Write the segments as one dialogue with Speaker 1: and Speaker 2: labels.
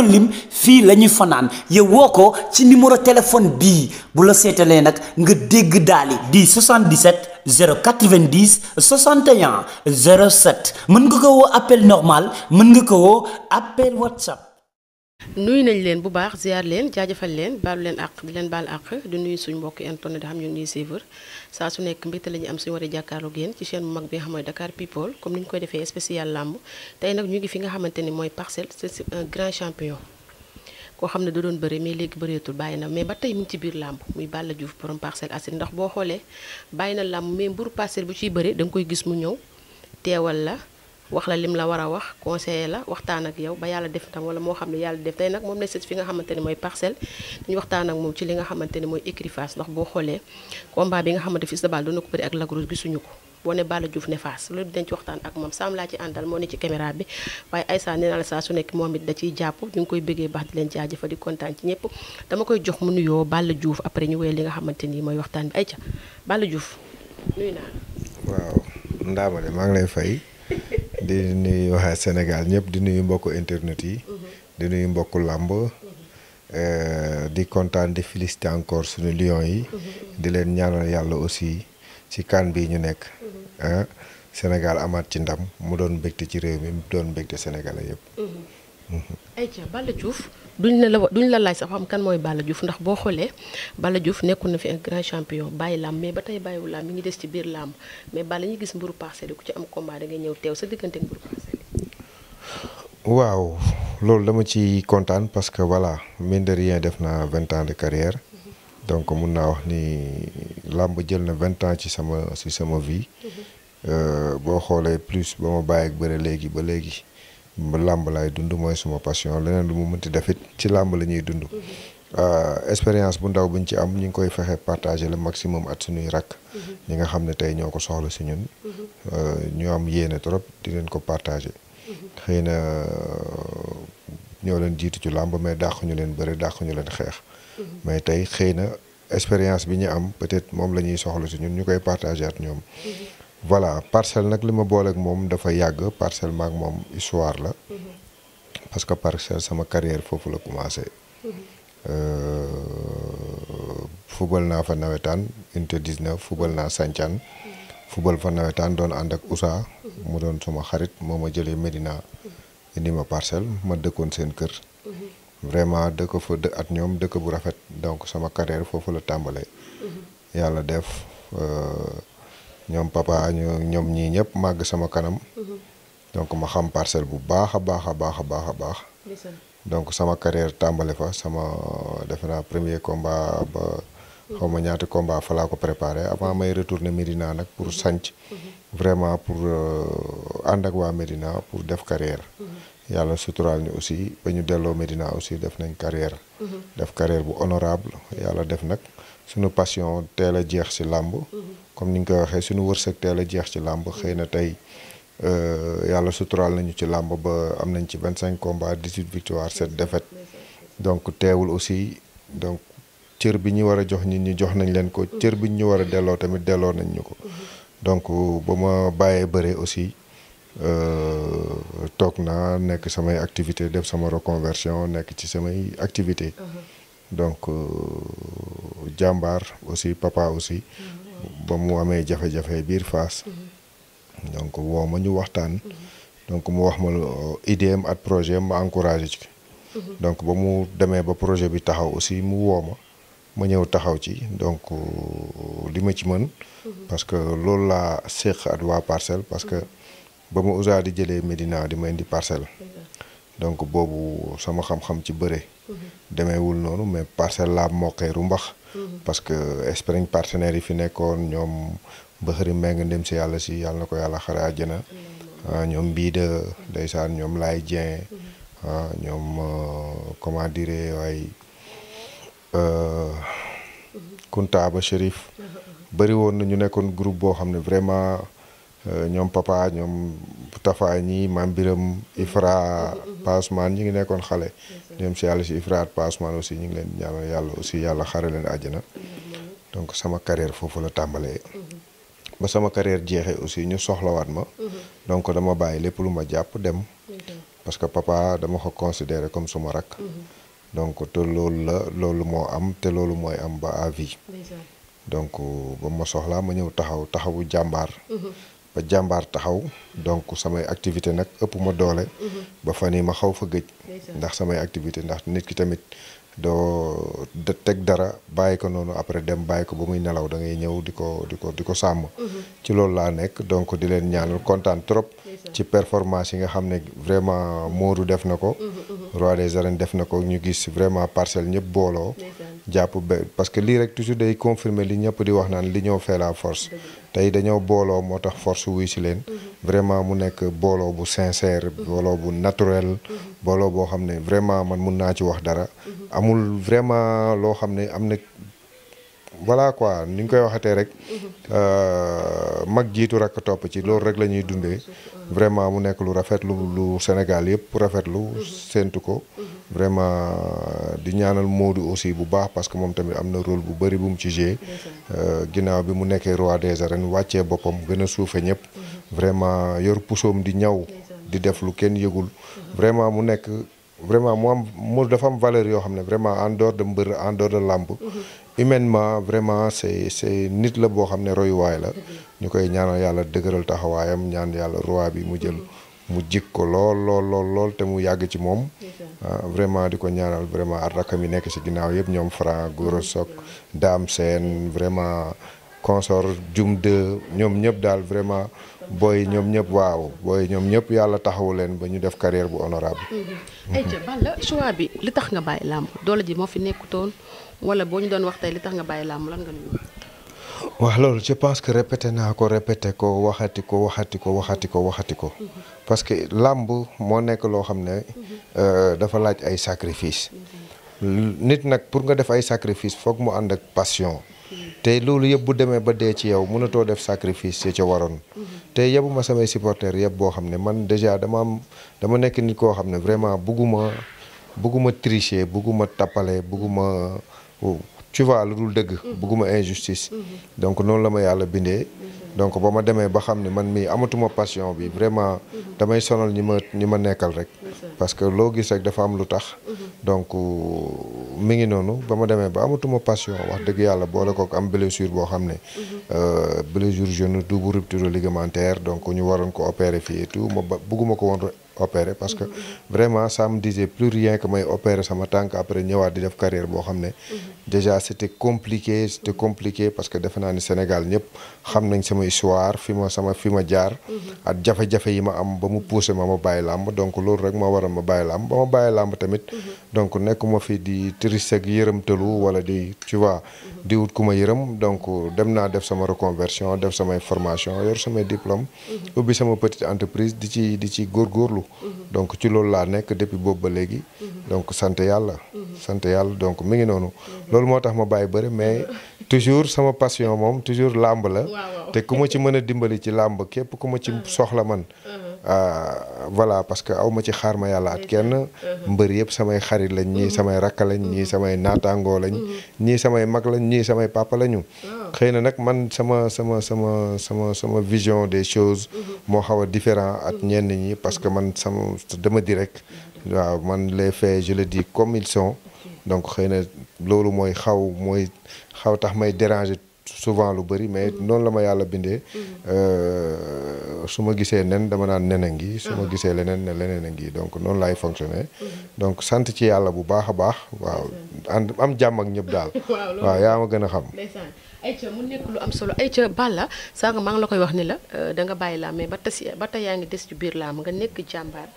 Speaker 1: doon lim fii la ñuy fanaan yow woo ko ci numéro téléphone bi bu la seetalee nag nga dégg daali di 77 090 61 07 mën nga ko woo appel normal mën nga ko woo appel whatsapp.
Speaker 2: nuyu nañ leen bu baax ziar leen jaajëfal leen baalu leen àq di leen baal àq di nuyu suñu mbokk internet xam ñu ngi suivre. saa su nekk mbégte la ñu am suñu war a jàkkaarloog yéen ci chaîne bu mag bi nga xam mooy Dakar People comme ni ñu koy defee spécial làmb tey nag ñu ngi fi nga xamante ni mooy parcel c'est un grand champion koo xam ne da doon bëre mais léegi bëreetul bàyyi na mais ba tey mu ci biir làmb muy Balla Diouf borom Parcelles Assainies ndax boo xoolee bàyyi na làmb mais mburu parcelle bu ciy bëre da koy gis mu ñëw teewal la wax la lim la war a wax conseiller la waxtaan ak yow ba yàlla def tam wala moo xam ne yàlla def tey nag moom la sët fi nga xamante ne mooy parcelle dañu waxtaan ak moom ci li nga xamante ne mooy écurie Fass ndax boo xoolee combat bi nga xamante Fils de Balla doon na ko bëri ak Lac Rose gisuñu ko boo ne Balla Diouf ne Fass loolu dinañ ci waxtaan ak moom sam laa ci àndal moo ne ci caméra bi waaye Aïssa nee naa la saa su nekk moom it da ciy jàpp ñu ngi koy bëggee baax di leen jaajëfa di kontaan ci ñëpp dama koy jox mu yoo Balla Diouf après ñu wéyal nga xamante ni mooy waxtaan bi ayca Balla Diouf nuyu
Speaker 3: naa waaw maa ngi lay fay di nuy waxee Sénégal ñëpp di nuyu mbokk internet yi. Mhm. di nuyu mbokku làmb. Mhm. Euh, di kontaan di félicité encore suñu lion yi. Mhm. di leen ñaanal yàlla aussi ci kan bi ñu nekk. Sénégal amaat ci ndam mu doon mbégte ci réew mi doon mbégte Sénégalais yëpp.
Speaker 2: ayca eh, Balla Diouf duñ la la duñ la laaj sax am kan mooy Balla Diouf ndax boo xoolee Balla Diouf nekkoon na fi un grand champion bàyyi làmb mais ba tey bàyyiwu làmb mi ngi des ci biir làmb mais Balla ñu gis mburu parcelle ku ci am combat da ngay ñëw teew sa diggante ak mburu parcelle
Speaker 3: waaw loolu dama ci kontaan parce que voilà mine de rien def na vingt ans de carrière mm-hmm. donc mun naa wax ni làmb jël na vingt ans ci sama ci sama vie mm-hmm. euh, boo xoolee plus ba ma bàyyi ak bëre léegi ba léegi làmb laay dund mooy suma passion leneen lu mu mënti def it ci làmb la ñuy dund. Mhm. Euh, expérience bu ndaw buñ ci am ñu ngi koy fexe partager le maximum at suñuy rakk. Mhm. ñi nga xam ne tey ñoo ko soxla si ñun. Mhm. Euh, ñu am yéene trop di leen ko partager. xëy na euh, ñoo leen jiitu ci làmb mais dàq ñu leen bëre dàq ñu leen xeex. mais tey xëy na expérience bi ñu am peut-être moom la ñuy soxla si ñun ñu koy partage at ñoom. voilà parcelle nag li ma booleek moom dafa yàgg parcelle maak moom histoire la. parce que parcelle sama carrière foofu la commencé. Euh, fubal naa fa nawetaan unité 19 fubal naa Santhiane. fubal fa nawetaan doon ànd ak Ousa. mu doon suma xarit moo ma jëlee Medina. indi ma parcelle ma dëkkoon seen kër. vraiment dëkk fa dë at ñoom dëkk bu rafet donc sama carrière foofu la tàmbalee. yàlla def. Euh, ñoom papa ñu ñoom ñii ñëpp màgg sama kanam. Mm-hmm. donc ma xam parcelle bu baax a baax a baax a baax a baax. donc sama carrière tàmbale fa sama defe naa premier combat ba. Mm-hmm. xaw ma ñaata combat falaa ko préparer avant may retourner Médina nag pour mm-hmm. sanc vraiment pour euh, ànd ak waa Médina pour def carrière. yàlla suturaal ñu aussi ba ñu delloo Médina aussi def nañ carrière. def carrière bu honorable yàlla def nag suñu passion teel a jeex si làmb. comme ni nga ko waxee suñu wërsëg teel a jeex ci làmb xëy na tey euh, yàlla suturaal nañu ci làmb ba am nañ ci vingt cinq combats dix huit victoires sept défaites donc teewul aussi donc cër bi ñu war a jox nit ñi jox nañ leen ko. cër bi ñu war a delloo tamit delloo nañ ñu ko. donc ba ma bàyyee bëre aussi euh, toog na nekk samay activité def sama reconversion nekk ci samay activité uh-huh. donc euh, jàmbaar aussi papa aussi. Uh-huh. ba mu amee jafe-jafe biir Fass donc woo ma ñu waxtaan donc mu wax ma euh, idée am at projet am ma encouragé ci donc ba mu demee ba projet bi taxaw aussi mu woo ma ma ñëw taxaw ci donc euh, li ma ci mën parce que loolu laa séq at waa parcelle parce que ba ma usa di jëlee Médina di ma indi parcelle donc boobu sama xam-xam ci bëre mhm. demeewul noonu mais parcelle laa mokkee ru mbax Mhm. parce que Espagne partenaires yi fi nekkoon ñoom ba Bakary Mbengue ndem si yàlla si yàlla na ko yàlla xare àjjana ah, ñoom bii de ndeysaan ñoom Laye Dieng mhm. ah, ñoom euh, comment dire waay euh, mhm. Kunta ba Chérif bëri woon na ñu nekkoon groupe boo xam ne vraiment euh, ñoom papa ñoom Tafa ñi Mam Biram Ifra Pasman ñi ngi nekkoon xale ñoom si yàlla si Ifraat Passemal aussi ñu ngi leen ñaanal yàlla aussi yàlla xare leen àjjana donc sama carrière foofu la tàmbalee. ba sama carrière jeexee aussi ñu soxlawaat ma. donc dama bàyyi lépp lu ma jàpp dem. parce que papa dama ko considéré comme suma rak. donc te loolu la loolu moo am te loolu mooy am ba à donc ba ma soxlaa ma ñëw taxaw taxawu jàmbaar. ba jàmbaar taxaw donc samay activité nag ëpp ma doole mm-hmm. ba fan yi ma xaw fa gëj ndax samay activité ndax nit ki tamit doo teg dara bàyyi ko noonu après dem bàyyi ko ba muy nelaw da ñëw di ko di ko di ko sàmm mm-hmm. ci loolu laa nekk donc di leen ñaanal kontaan trop ci performance yi nga xam ne vraiment Modou def na ko mm-hmm, roi des arènes def na ko ñu gis vraiment parcelle ñëpp booloo jàpp parce que lii rek toujours day confirmer li ñëpp di wax naan li ñëw fait la force tey dañoo booloo moo tax force wuy si leen mhm. vraiment mu nekk booloo bu sincère mhm. booloo bu naturel mhm. booloo boo xam ne vraiment man mun naa ci wax dara amul vraiment loo xam ne am na voilà quoi ni ñu koy waxatee rek mhm. euh, mag jiitu rakk topp ci loolu rek la ñuy dundee vraiment mu nekk lu rafet lu lu Sénégal yëpp rafetlu mhm. séntu ko mhm. vraiment di ñaanal Modou aussi bu baax parce que moom tamit am na rôle bu bëri bu mu ci joué euh, ginnaaw bi mu nekkee roi des arènes wàccee boppam gën a suufe ñëpp vraiment yor pusoom di ñaw di def lu kenn yëgul vraiment mu nekk vraiment mu am mu dafa am valeur yoo xam ne vraiment en dehors de mbër en dehors de humainement vraiment c'est c'est nit la boo xam ne royuwaay la ñu koy ñaanal yàlla dëgëral taxawaayam ñaan yàlla roi bi mu jël mu jik ko lool lool lool te mu yàgg ci moom ah, vraiment di ko ñaanal vraiment ak rakkam yi nekk ci ginnaaw yëpp ñoom Franc Gora Sock Dame Sène vraiment consort Jum de ñoom ñëpp daal vraiment booy ñoom ñëpp waaw booy ñoom ñëpp yàlla taxawu leen ba ñu def carrière bu honorable
Speaker 2: mmh. ay bi li tax nga bàyyi làmb doole ji moo fi nekkutoon wala boo ñu doon wax tey li tax nga bàyyi làmb lan nga nuyu.
Speaker 3: waaw loolu je pense que répété naa ko répété ko waxati ko waxati ko waxati ko waxati ko mhm. parce que làmb moo nekk loo xam ne mhm. euh, dafa laaj ay sacrifice mhm. nit nag pour nga def ay sacrifice foog mu ànd ak passion te loolu yëpp bu demee ba dee ci yow mënatoo def sacrifice ci ca waroon te ma samay supporters yëpp boo xam ne man déjà dama am dama nekk nit koo xam ne vraiment bugguma bugguma tricher bugguma tappale bugguma Oh, tu vois lu dul dëgg bëgguma injustice donc noonu la ma yàlla bindee donc ba ma demee ba xam ne man mii amatuma passion bi vraiment damay sonal ñi ma ñi ma nekkal rek parce que loo gis rek dafa am lu tax donc euh, mi ngi noonu ba ma demee ba amatuma passion wax dëgg yàlla boole kook am blessure boo xam ne euh, blessure genou double rupture ligamentaire donc ñu waroon ko opérer fii et tout ma bëgguma ko woon opérer parce que vraiment ça me disait plus rien que may opérer sama tànk après ñëwaat di def carrière boo xam ne déjà c'était compliqué c'était compliqué parce que defe naa ni Sénégal ñëpp xam nañ sama histoire fi ma sama fi ma jaar ak jafe-jafe yi ma am ba mu poussé ma ma bàyyi làmb donc loolu rek moo waral ma bàyyi làmb ba ma bàyyi làmb tamit donc nekkuma fi di triste ak yërëmtalu wala di tu vois di wut ku ma yërëm donc dem naa def sama reconversion def samay formation yor samay diplôme ubbi sama petite entreprise di ci di ci góorgóorlu donc ci loolu laa nekk depuis boobu ba léegi. donc sant yàlla. sant yàlla donc mi ngi noonu. loolu moo tax ma bàyyi bëri mais toujours sama passion moom toujours làmb la. te ku ma ci mën a dimbali ci làmb képp ku ma ci ah. soxla man. Ah. Euh, voilà parce que aw ma ci xaar ma yàlla at kenn mbër yëpp samay xarit lañ ñii mm-hmm. samay rakka lañ ñii mm-hmm. samay naataangoo lañ mm-hmm. ñii samay mag lañ ñii samay papa lañu xëy na nag man sama sama sama sama sama vision des choses moo xaw a différent at ñenn ñi parce que man sama dema di rek waaw man les faits je le dis comme ils sont donc xëy na loolu mooy xaw mooy xaw tax may déranger souvent lu bëri mais mm-hmm. noonu la ma yàlla bindee mm-hmm. euh, su ma gisee nen dama naan nen a ngi su ma ah. gisee leneen ne leneen a ngi donc noonu laay fonctionner mm-hmm. donc sant ci yàlla bu baax a baax waaw ànd am jàmm ak ñëpp daal waaw yaa ma gën a xam
Speaker 2: ayca mu nekk lu am solo ayca Balla sànq maa ngi la koy wax ni la euh, da nga bàyyi laa mais ba tasi ba tey yaa ngi des ci biir laa nga nekk jàmbaar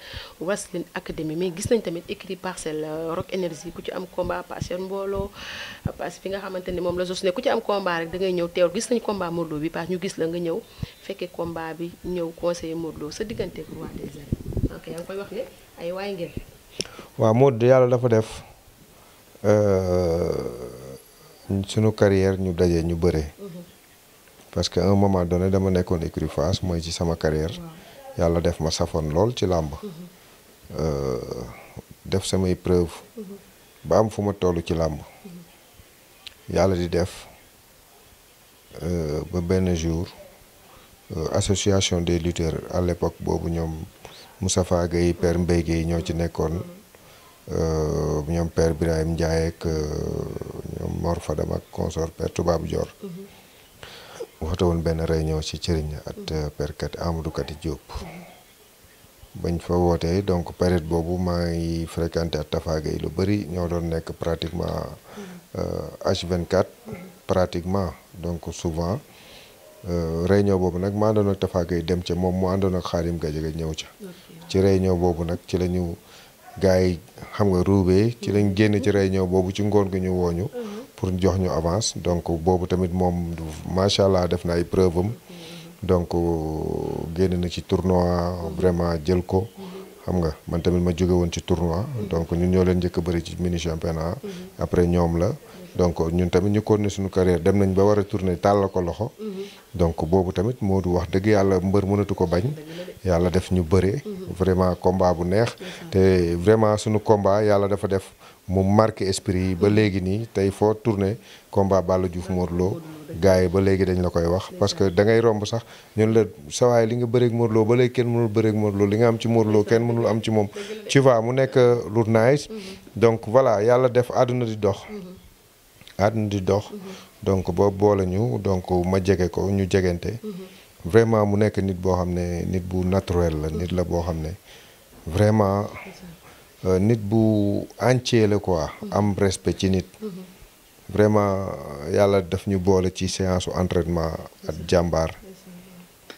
Speaker 2: Wrestling Academy mais gis nañ tamit écrit parcelle euh, Rock Énergie ku ci am combat parcelle mbooloo parce que nga xamante ni moom la jos ne ku ci am combat rek da ngay ñëw teew gis nañ combat Modou Lo bi parce ñu gis la nga ñëw fekkee combat bi ñëw conseiller Modou Lo sa digganteeg roi des arènes ok yaa ngi koy wax ne ay waay ngeen.
Speaker 3: waaw Modou yàlla def. Euh, suñu carrière ñu dajee ñu bëree. parce que un moment donné dama nekkoon écurie Fass mooy ci sama carrière. yàlla def ma safoon lool ci làmb. Euh, def samay preuve. ba am fu ma toll ci làmb. yàlla di def euh, ba benn jour euh, association des lutteurs à l'époque boobu ñoom Moustapha Gueye père Mbaye Gueye ñoo ci nekkoon ñoom père Birahim Ndiaye Mor Fadam ak consort père Touba Dior.
Speaker 4: Mm-hmm.
Speaker 3: waxta woon benn rey réunion ci cëriñ at père Kat Amadou Kati Diop. bañ fa wootee donc période boobu maa ngi fréquenté at tafaaga yi lu bëri ñoo doon nekk pratiquement mm-hmm. euh, H24. Mm-hmm. pratiquement donc souvent euh, réunion boobu nag ma àndoon ak tafaaga yi dem ca moom mu àndoon ak xaarim Gadiaga ñëw ca. ci ñëw boobu nag ci la ñu gars xam nga ruubee ci lañ génn ci ñëw boobu ci ngoon gu ñu wooñu pour jox ñu avance donc boobu tamit moom macha allah def na ay preuve am donc génn na ci tournoi vraiment jël ko xam nga man tamit ma jóge woon ci tournoi donc ñun ñoo leen njëkk a bëri ci mini championnat après ñoom la donc ñun tamit ñu continuer suñu carrière dem nañ ba war a tourner tàll ko loxo donc boobu tamit moo du wax dëgg yàlla mbër mënatu ko bañ yàlla def ñu bëre vraiment combat bu neex te vraiment suñu combat yàlla dafa def mu marqué esprit yi ba léegi nii tey foo tourné combat Balla Diouf Modou Lo gars yi ba léegi dañ la koy wax parce que da romb sax ñun la sawaay li nga bëreeg Modou Lo ba léegi kenn mënul bëreeg Modou Lo li nga am ci Modou Lo kenn mënul am ci moom ci vois mu nekk euh, lu nice donc voilà yàlla def àdduna di dox àdduna di dox donc boo boole ñu donc ma jege ko ñu jegante vraiment mu nekk nit boo xam ne nit bu naturel la nit la boo xam ne vraiment Euh, nit bu entier la am respect ci nit vraiment yàlla daf ñu boole ci séance entraînement ak jàmbaar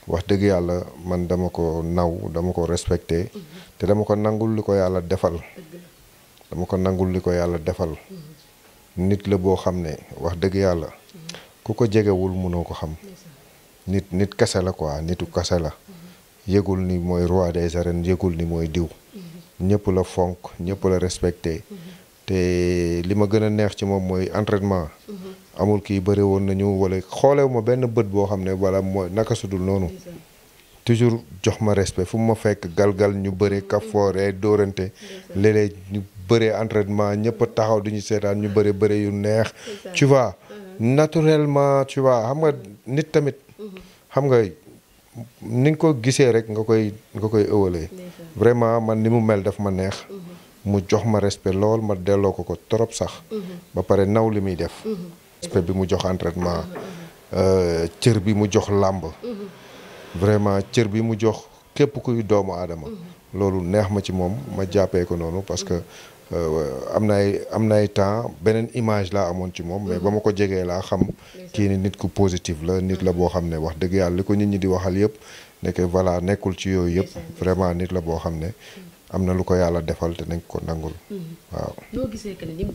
Speaker 3: wax dëgg yàlla man dama ko naw dama ko respecté te dama ko nangul li ko yàlla defal dama ko nangul li ko yàlla defal nit la boo xam ne wax dëgg yàlla ku ko jegewul mënoo ko xam nit nit kase la quoi nitu kase la yëgul ni mooy roi des arènes yëgul ni mooy diw ñëpp la fonk ñëpp la respecté te li ma gën a neex ci moom mooy entraînement mhm. amul kii bëri woon nañu wala xoolew ma benn bët boo xam ne wala mooy naka sudul noonu toujours jox ma respect fu ma fekk galgal ñu bëre mhm. kafoore dóorante léeg-léeg ñu bëree entraînement ñëpp taxaw di seetaan ñu bëre bëre yu neex tu vois mhm. naturellement tu xam nga nit tamit xam nga ni nga ko gisee rek nga koy nga koy ëwalee vraiment man ni mu mel daf ma neex mhm. mu jox ma respect lool ma delloo ko ko trop sax mhm. ba pare naw li muy def mhm. respect bi mu jox entraînement euh, cër bi mu jox làmb vraiment cër bi mu jox képp kuy doomu aadama loolu neex ma ci moom ma jàppee ko noonu parce que Euh, am nay am nay temps beneen image laa amoon ci moom mais ba ma ko jegee laa xam kii ni nit ku positive la nit la boo xam ne wax dëgg yàlla li ko nit ñi di waxal yëpp nekk voilà nekkul ci yooyu yëpp vraiment nit la boo xam ne am na lu ko yàlla defal te nañ ko nangul mm-hmm. waaw
Speaker 2: noo gisee que ne ni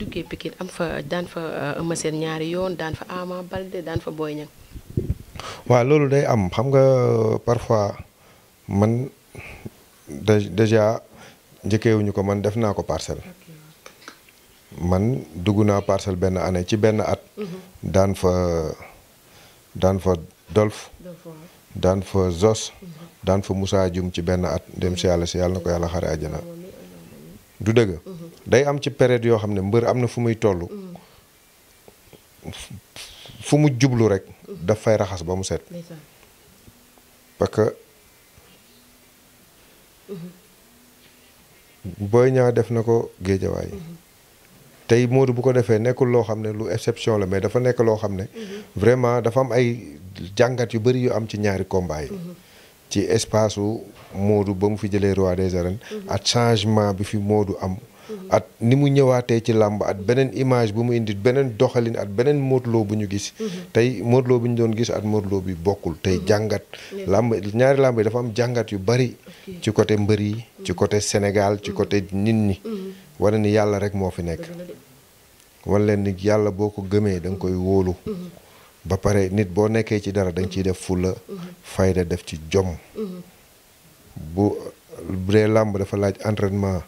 Speaker 3: euh, loolu day am xam nga euh, parfois man déjà njëkkeewuñu ko man def naa ko parcelle man dugg naa parcelle benn année ci benn at. Mhm. daan fa daan fa Dolf. daan fa Zos. Mhm. daan fa Moussa Dioum ci benn at dem si yàlla si yàlla na ko yàlla xare àjjana. du dëgg. Mhm. day am ci période yoo xam ne mbër am na fu muy tollu fu mu jublu rek. daf fay raxas ba mu set. parce que. Boy Niang def na ko géejawaay. tey Modou bu ko defee nekkul loo xam ne lu exception la mais dafa nekk loo xam ne. Mhm. vraiment dafa am ay jàngat yu bëri yu am ci ñaari combat mhm. ci espace su Modou ba mu fi jëlee roi des arènes. Mhm. at changement bi fi moodu am. at ni mu ñëwaatee ci làmb at beneen image bu mu indi beneen doxalin at beneen Modou bu ñu gis. tey Modou bu ñu doon gis at Modou bi bokkul tey jàngat. làmb ñaari làmb yi dafa am jàngat yu bari. ci côté mbër yi ci côté Sénégal ci côté nit ñi. wane ni yàlla rek moo fi nekk wan leen ni yàlla boo ko gëmee da nga koy wóolu mm-hmm. ba pare nit boo nekkee ci dara dañ nga ciy def fulla mm-hmm. fayda def ci jom mm-hmm. bu bu dee làmb dafa laaj entraînement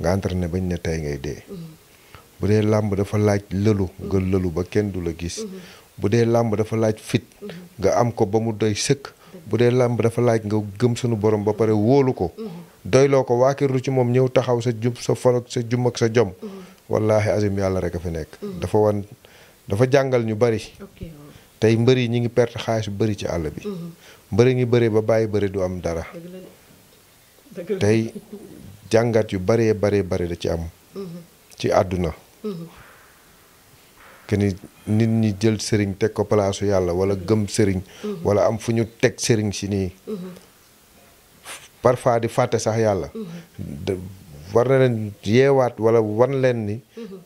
Speaker 3: nga entraîné bañ ne ngay dee bu dee làmb dafa laaj lëlu nga lëlu ba kenn du la gis bu dee làmb dafa laaj fit nga am ko ba mu doy sëkk bu dee làmb dafa laaj nga gëm sunu borom ba pare wóolu ko doyloo ko waakiru ci moom ñëw taxaw sa jub sa fol sa jum ak sa jom mm-hmm. wallaahi azim yàlla rek a fi nekk mm-hmm. dafa wan dafa jàngal ñu bari tey mbër yi ñi ngi perte xaalis bu bari ci àll bi mm-hmm. mbëri ngi bëri ba bàyyi bari du am dara tey jàngat yu baree baree bari da ci am ci àdduna que ni nit ñi jël sëriñ teg ko palaasu yàlla wala gëm sëriñ wala am fu ñu teg sëriñ si nii parfois di fàtte sax yàlla. war na leen yeewaat wala wan leen ni.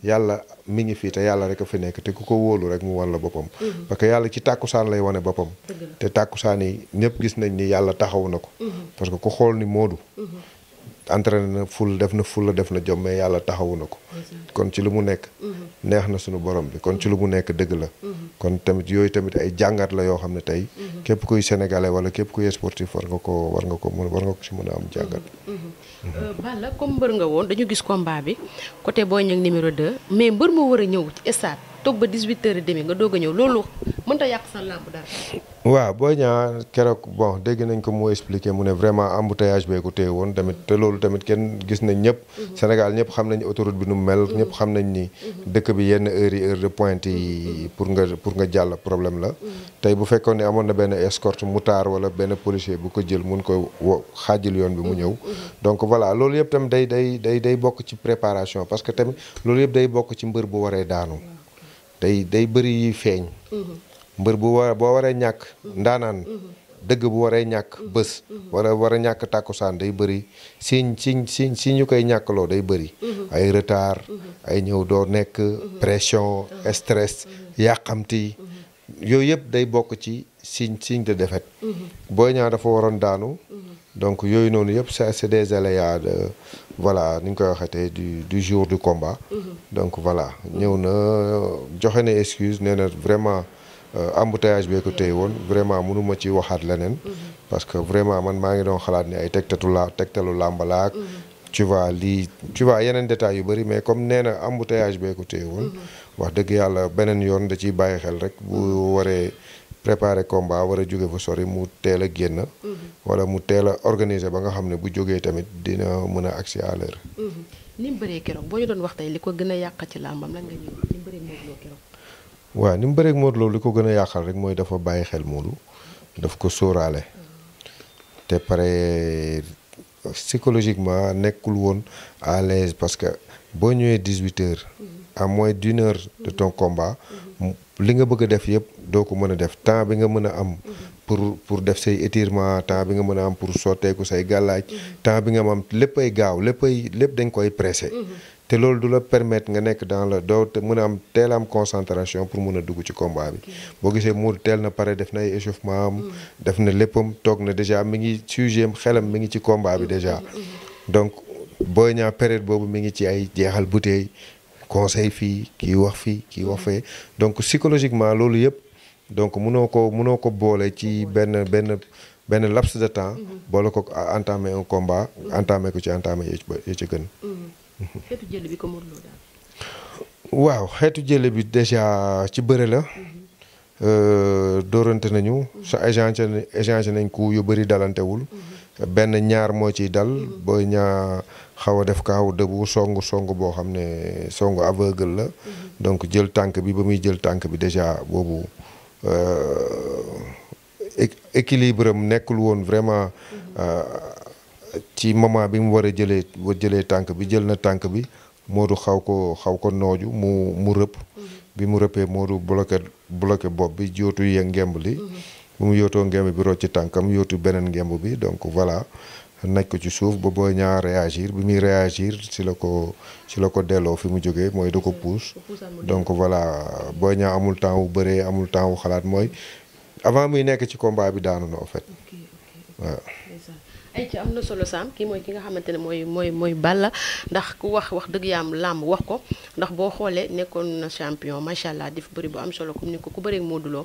Speaker 3: yàlla mi ngi fii te yàlla rek a fi nekk te ku ko wóolu rek mu wan la boppam. parce que yàlla ci tàkkusaan lay wane boppam. te tàkkusaan yi ñëpp gis nañ ni yàlla taxaw na ko. parce que ku xool ni moodu entraîné na ful def na ful la def na jom yàlla taxawu na ko. kon ci li mu nekk. Mhm. neex na sunu borom bi kon ci lu mu nekk dëgg la. kon tamit yooyu tamit ay jàngat la yoo xam ne tey. képp kuy sénégalais wala képp kuy sportif war nga ko war nga ko mën war nga ko si mën a am jàngat.
Speaker 2: Euh, Balla comme mbër nga woon dañu gis combat bi côté Boy Niang numéro 2 mais mbër moo war a ñëw ci stade. toog ba 18 heures et demi nga doog a ñëw loolu mën ta yàq sa dara.
Speaker 3: waaw booy ñaa keroog bon dégg nañ ko moo expliqué mu ne vraiment embouteillage bee ko téye woon tamit te loolu tamit kenn gis nañ ñëpp. Mhm. Sénégal ñëpp xam nañ autorite bi nu mu mel. Mhm. ñëpp xam nañ ni mhm. dëkk bi yenn heure yi heure de pointe yi pour nga pour nga jàll problème la. tey bu fekkoon ne amoon na benn escorte mutaar wala benn policier bu ko jël mun ko wo xaajil yoon bi mu ñëw. donc voilà loolu yëpp tamit day day day day bokk ci préparation parce que tamit loolu yëpp day bokk ci mbër bu waree daanu. day day bëri yuy feeñ mhm. mbër bu war boo waree ñàkk mhm. ndaanaan mhm. dëgg bu waree ñàkk bés wala war a ñàkk tàkkusaan day bëri siñ siñ siñ si ñu koy ñàkkaloo day bëri ay retard ay ñëw doo nekk pression stress yàqamti yooyu yëpp day bokk ci signe signe de défaite. Boy Niang dafa waroon daanu donc yooyu noonu yëpp c'est c'est des aléas de voilà ni ñu koy waxatee du du jour du combat. Mm-hmm. donc voilà ñëw na joxe ne excuse nee na vraiment euh, embouteillage bee ko téye woon vraiment mënuma ci waxaat leneen. Mm-hmm. parce que vraiment man maa ngi doon xalaat ni ay tegtatu la tegtalu làmbalaak mm-hmm. tu vois lii tu vois yeneen détails yu bëri mais comme nee na embouteillage bee ko téye woon. wax dëgg yàlla beneen yoon da ciy bàyyi xel rek bu waree. préparer combat war a jóge fa sori mu teel a génn. Mm-hmm. wala mu teel a organiser ba nga xam ne bu jógee tamit dina mën a agsi à l'heure.
Speaker 2: Mm-hmm. ni mu bëree keroog boo ñu doon wax tey li ko gën a yàq ci làmbam ni mu
Speaker 3: bëree Modou li ko gën yàqal rek mooy dafa bàyyi xel Modou daf ko sóoraale. Mm-hmm. te pare psychologiquement nekkul woon à l'aise parce que boo ñëwee dix-huit heures. à de ton combat. li nga bëgg a def yëpp doo ko mën a def temps bi nga mën a am pour pour def say étirement temps bi nga mën a am pour sotteeku say gàllaaj temps bi nga am lépp ay gaaw lépp ay lépp dañ koy pressé te loolu du la permettre nga nekk dans la doo te mën a am teel am concentration pour mën a dugg ci combat bi boo gisee Modou teel na pare def na ay échauffement am def na léppam toog na déjà mi ngi sujet am xelam mi ngi ci combat bi déjà donc Boy Niang période boobu mi ngi ci ay jeexal bouteille conseil fii kii wax fii kii wax fee donc psychologiquement loolu yëpp donc munoo ko mënoo ko boole ci benn benn benn laps de temps. Mhm. boole ko entamer un combat. Mhm. entamer ko ci entamer yu ci gën.
Speaker 2: Mhm. xeetu
Speaker 3: waaw xeetu jële bi déjà ci bëre la. Euh, dóorante nañu. sa échange échange nañ ku yu bëri dalantewul. benn ñaar moo ciy dal booy ñaa xaw a def kaaw dëbu song songu boo xam ne song aveugle la mhm. donc jël tànk bi ba muy jël tànk bi déjà boobu euh, équilibre mu nekkul woon vraiment mhm. euh, ci moment bi mu war a jëlee ba jëlee tànk bi jël na tànk bi Modou xaw ko xaw ko nooju mu mu rëpp mhm. bi mu rëppee Modou bloqué bloqué bopp bi jootu ye ngemb li bu mu yootoo ngemb bi rocc ci tànkam yootu beneen ngemb bi donc voilà naaj ko ci suuf ba booy ñaar réagir bi muy réagir ci la ko ci la ko delloo fi mu jógee mooy da ko puus donc voilà booy ñaar amul temps wu bëree amul temps wu xalaat mooy avant muy nekk ci combat bi daanu na en
Speaker 2: ay ci am na solo Sam kii mooy ki nga xamante ne mooy mooy mooy Balla ndax ku wax wax dëgg yaam làmb wax ko ndax boo xoolee nekkoon na champion macha allah dif bëri bu am solo comme ni ko ku bëreeg Modou Lo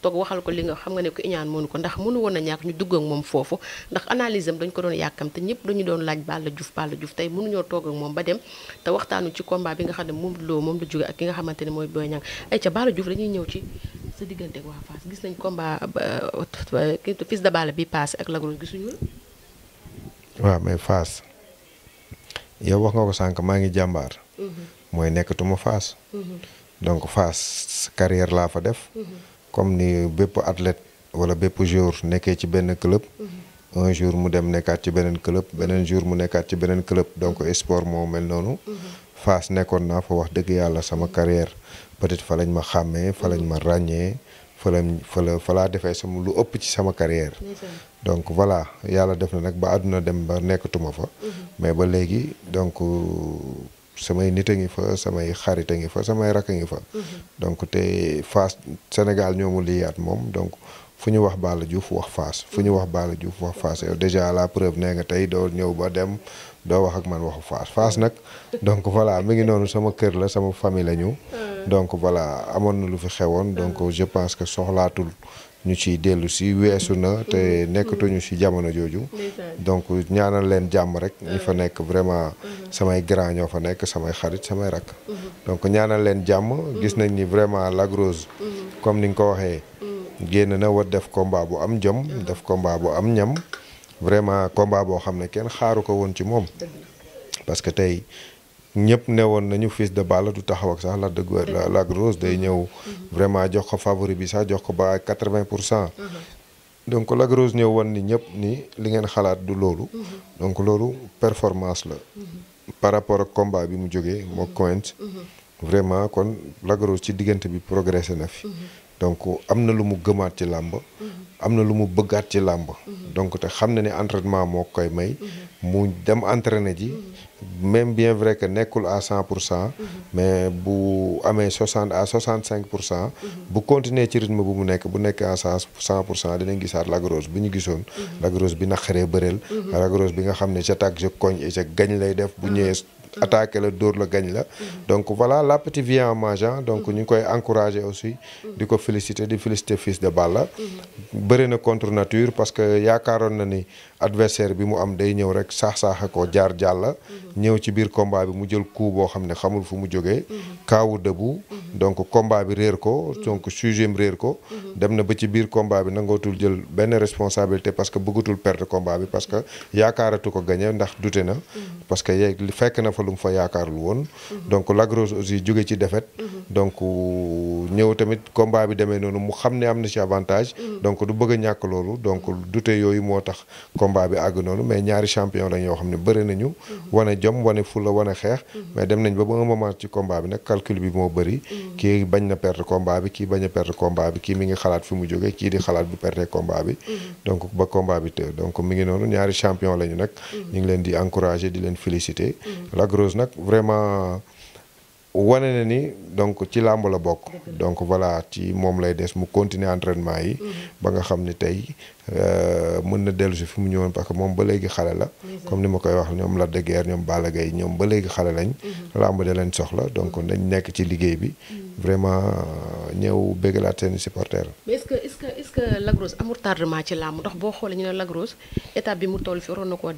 Speaker 2: toog waxal ko li nga xam nga ne ko iñaan mënu ko ndax mënu woon a ñàkk ñu dugg ak moom foofu ndax analyse am dañ ko doon yàkkamte ñëpp dañu doon laaj Balla Diouf Balla Diouf tey mënuñoo toog ak moom ba dem te waxtaanu ci combat bi nga xam ne Modou Lo moom la jóge ak ki nga xamante ne mooy Boy Niang ay ca Balla Diouf dañuy ñëw ci sa diggante ak waa Fass gis nañ combat fils de Balla bi passé ak Lac Rose gisuñu
Speaker 3: waa mais Fass yow wax nga ko sànq maa ngi jàmbaar. Mm-hmm. mooy nekkatuma Fass. Mm-hmm. donc Fass carrière laa fa def. Mm-hmm. comme ni bépp athlète wala bépp jour nekkee ci benn club. un jour mu dem nekkaat ci beneen club beneen jour mu nekkaat ci beneen club donc sport moo mel noonu. Fass nekkoon naa fa wax dëgg yàlla sama carrière peut-être fa lañ ma xàmmee fa lañ ma ràññee fa lañ fa la fa laa defee sama lu ëpp ci sama carrière. donc voilà yàlla def na nag ba àdduna dem ba nekkatuma fa. Mhm. mais ba léegi donc samay nit a ngi fa samay xarit a ngi fa samay rakk a ngi fa. Mhm. donc te Fass Sénégal ñoo mu liyaat moom donc fu ñu wax Balla Diouf wax Fass fu ñu wax mhm. Balla Diouf wax Fass yow déjà la preuve nee nga tey doo ñëw ba dem doo wax ak man waxu Fass Fass nag. donc voilà mi ngi noonu sama kër la sama famille la ñu. Euh. donc voilà amoon na lu fi xewoon donc euh. je pense que soxlaatul. ñu ciy dellu si weesu na te mm-hmm. nekkatuñu si jamono jooju donc ñaanal leen jàmm rek ñi fa mm-hmm. nekk vraiment mm-hmm. samay grand ñoo fa nekk samay xarit samay rakk donc ñaanal leen jàmm gis nañ ni vraiment Lac Rose comme ni nga ko waxee génn na war def combat bu am jom def combat bu am ñam vraiment combat boo xam ne kenn xaaru ko woon ci moom parce tey ñëpp ne woon nañu fils de Balla du taxaw ak sax Lac de Guiers Lac day ñëw mm-hmm. vraiment jox ko favori bi sax jox ko ba ay quatre vingt pour cent
Speaker 4: mm-hmm.
Speaker 3: donc Lac ñëw woon ni ñëpp ni li ngeen xalaat du loolu mm-hmm. donc loolu performance la par rapport ak combat bi mu jógee moo Coins vraiment kon Lac ci diggante bi progressé na fi donc am na lu mu gëmaat ci làmb am na lu mu bëggaat ci làmb donc te xam na ne entraînement moo koy may mu dem entraîné ji même bien vrai que nekkul à cent pour cent mais bu amee soixante à soixante cinq pour cent bu continuer ci rythme bu mu nekk bu nekk à cent cent pour cent dinañ gisaat Lac Rose bi ñu gisoon Lac Rose bi naqaree bëreel mhm. Lac bi nga xam ne j'attaque je cogne et je gagne lay def bu ñëwees Mm-hmm. attaqué la dóor la gañ la donc voilà l'appétit vient en mangeant donc mm-hmm. ñu koy encouragé aussi mm-hmm. di ko félicité di félicité fils de Balla bëri na contre nature parce que yaakaaroon na ni adversaire bi mu am day ñëw rek saax-saaxa ko jaar jàlla ñëw ci biir combat bi mu jël coup boo xam ne xamul fu mu jógee kaawu debout donc combat bi réer ko donc sujet réer ko dem na ba ci biir combat bi nangootul jël benn responsabilité parce que bëggatul perte combat bi parce que yaakaaratu ko gagné ndax dute na fa lu mu fa yaakaarul woon. donc Lac Rose aussi jóge ci défaite. donc ñëw tamit combat bi demee noonu mu xam ne am na ci avantage. donc du bëgg a ñàkk loolu donc dute yooyu moo tax combat bi àgg noonu mais ñaari champion lañ yoo xam ne bëri nañu. wane jom wane fula wane xeex. mais dem nañ ba ba un ci combat bi nag calcul bi moo bëri. kii bañ na perte combat bi kii bañ perte combat bi kii mi ngi xalaat fi mu jóge kii di xalaat bu perte combat bi. donc ba combat bi te mi ngi noonu ñaari champion lañu nag. ñu ngi leen di encourager di leen féliciter. Lac Rose nag vraiment wane na ni donc ci làmb la bokk. donc voilà ci moom lay des mu continuer entraînement yi. Mm-hmm. ba nga xam ni tey euh, mën na dellu si fi mu ñëwoon parce que moom ba léegi xale la. comme ni ma koy wax ñoom la de ñoom Balla Gaye ñoom ba léegi xale lañ. Mm-hmm. làmb da lañ soxla donc mm-hmm. nañ nekk ci liggéey bi. vraiment euh, ñëw béggalaat seen supporter mais est-ce que
Speaker 2: est-ce que tardement ci làmb ndax boo xoolee ñu ne Lac Rose bi mu toll fi waroon na koo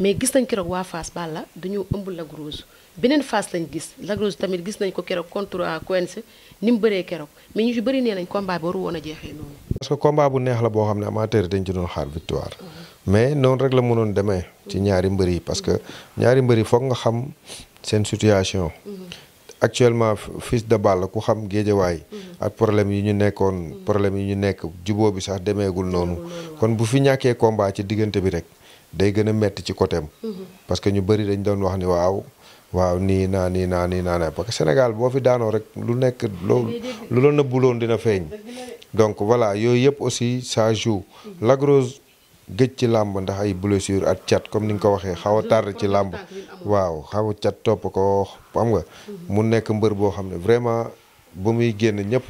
Speaker 2: mais gis nañ keroog waa Fass la dañu ëmb Lac Rose beneen Fass lañ gis Lac tamit gis nañ ko keroog contre Quench ni mu bëree keroog mais ñu ci bëri nee nañ combat bi waru woon a jeexee noonu.
Speaker 3: parce que combat bu neex la boo xam ne amateur dañ ci doon xaar victoire. mais noonu rek la mënoon demee. ci ñaari mbër yi parce que ñaari mbër yi foog nga xam seen situation. actuellement fils de Balla ku xam géejawaay ak problème yi ñu nekkoon problème yi ñu nekk jubóo bi sax demeegul noonu kon bu fi ñàkkee combat ci diggante bi rek day gën a metti ci côté mhm. parce que ñu bëri dañ doon wax ni waaw waaw nii naa nii naa nii naa parce que Sénégal boo fi daanoo rek lu nekk loo lu la nëbbuloon dina feeñ donc voilà yooyu yëpp aussi ça joue mhm. Lac Rose gëj ci làmb ndax ay blessure ak cat comme ni nga ko waxee xaw a tardé ci làmb waaw xaw a cat topp ko am nga mhm. mu nekk mbër boo xam ne vraiment ba muy génn ñëpp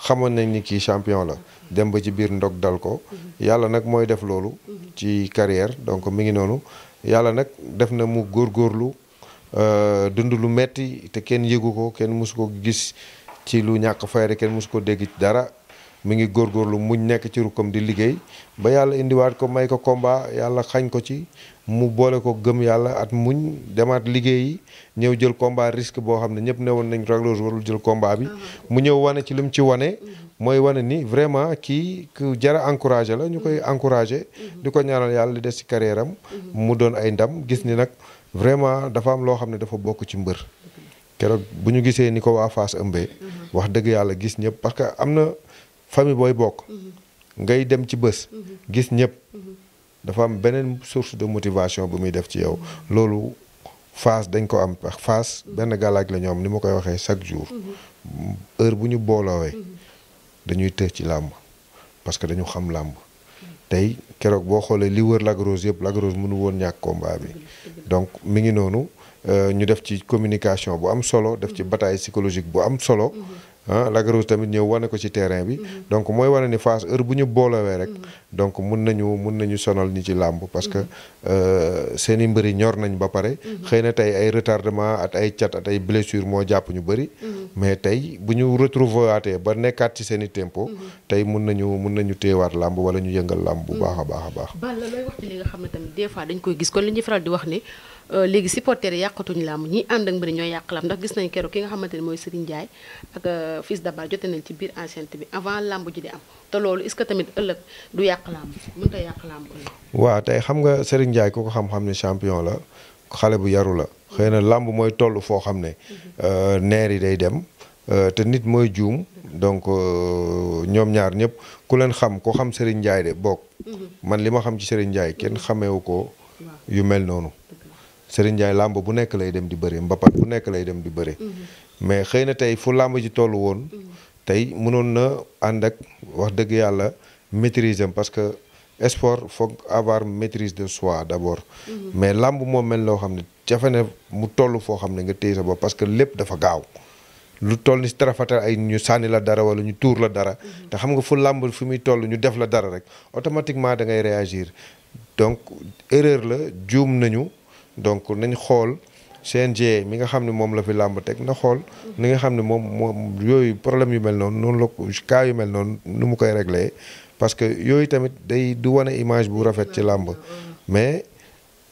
Speaker 3: xamoon nañ ni kii champion la dem ba ci biir ndog dal ko yàlla nag mooy def loolu ci carrière donc mi ngi noonu yàlla nag def na mu góor góorgóorlu euh, dund lu metti te kenn yëgu ko kenn mosu ko gis ci lu ñàkk fayre kenn mosu ko dégg dara mi ngi góor góor lu muñ nekk ci rukkam di liggéey ba yàlla indiwaat ko may ko combat yàlla xañ ko ci mu boole ko gëm yàlla at muñ demaat liggéeyi ñëw jël komba risque boo xam ne ñëpp ne woon nañ Lac warul jël komba bi ah. mu ñëw wane ci li mu ci wane mooy wane ni vraiment kii ku jara encouragé la ñu koy mm-hmm. encouragé mm-hmm. di ko ñaanal yàlla li des ci carrière am mm-hmm. mu doon ay ndam gis ni nag vraiment dafa am loo xam ne dafa bokk ci mbër keroog bu ñu gisee ni ko waa Fass ëmbee famille booy bokk. Mhm. ngay dem ci bës mhm. gis ñëpp. Mhm. dafa am beneen source de motivation bu muy def ci yow loolu phase dañ ko am phase benn gàllaaj la am ni ma koy waxee chaque jour heure bu ñu booloowee dañuy tëj ci làmb parce que dañu xam làmb tey keroog boo xoolee li wër Lac Rose yëpp Lac mënu woon ñàkk combat bi donc mi ngi noonu euh, ñu def ci communication bu am solo def ci bataay psychologique bu am solo ah Lac tamit ñëw wane ko ci terrain bi. Mhm. donc mooy wane ni Fass heure bu ñu boolewee rek. Mhm. donc mun nañu mun nañu sonal ñi ci làmb parce que mhm. euh, seen i mbëri ñor nañ ba pare. xëy na tey ay retardement at ay cat at ay blessure moo jàpp ñu bëri. mais tey bu ñu retrouver waatee ba nekkaat ci seen i tempo. tey mun nañu mun nañu téewaat làmb wala ñu yëngal làmb bu baax a baax a baax.
Speaker 2: Balla lay dañ koy gis kon li ñuy di wax ni Euh, léegi supporters yi yàqatuñu làmb ñi ànd ak mbëri ñooy yàq làmb ndax gis nañ keroog ki nga xamante ne mooy Serigne Ndiaye ak euh, Fils de Balla jote nañ ci biir enceinte bi avant làmb ji di am te loolu est-ce que tamit ëllëg du yàq làmb mënut a
Speaker 3: waaw tey xam nga Serigne xam-xam ne champion la xale bu yaru la xëy na làmb mooy toll foo xam ne mhm. euh, neer yi day dem te nit mooy juum donc ñoom ñaar ñëpp ku leen xam ko xam Serigne Ndiaye de bokk mhm. man li ma xam ci Serigne Ndiaye kenn mhm. xameewu ko yu mel noonu. Serigne Ndiaye làmb bu nekk lay dem di bëre mbapat bu nekk lay dem di bëre. Mhm. mais xëy na tey fu làmb ji toll woon. Mhm. tey mënoon na ànd ak wax dëgg yàlla maîtrise am parce que sport foog avoir maîtrise de soi d'abord. Mhm. mais làmb moo mel loo xam ne jafe na mu toll foo xam ne nga téye sa bopp parce que lépp dafa gaaw. lu toll ni si tarafatal ay ñu sànni la dara wala ñu tuur la dara. te xam nga fu làmb fu muy toll ñu def la dara rek automatiquement da ngay réagir donc erreur la juum nañu. donc nañ xool CNG mi nga xam ne moom la fi làmb teg na xool ni nga xam ne moom moom yooyu problème yu mel noonu noonu la cas yu mel noonu nu mu koy réglé parce que yooyu tamit day du wane image bu rafet ci làmb mais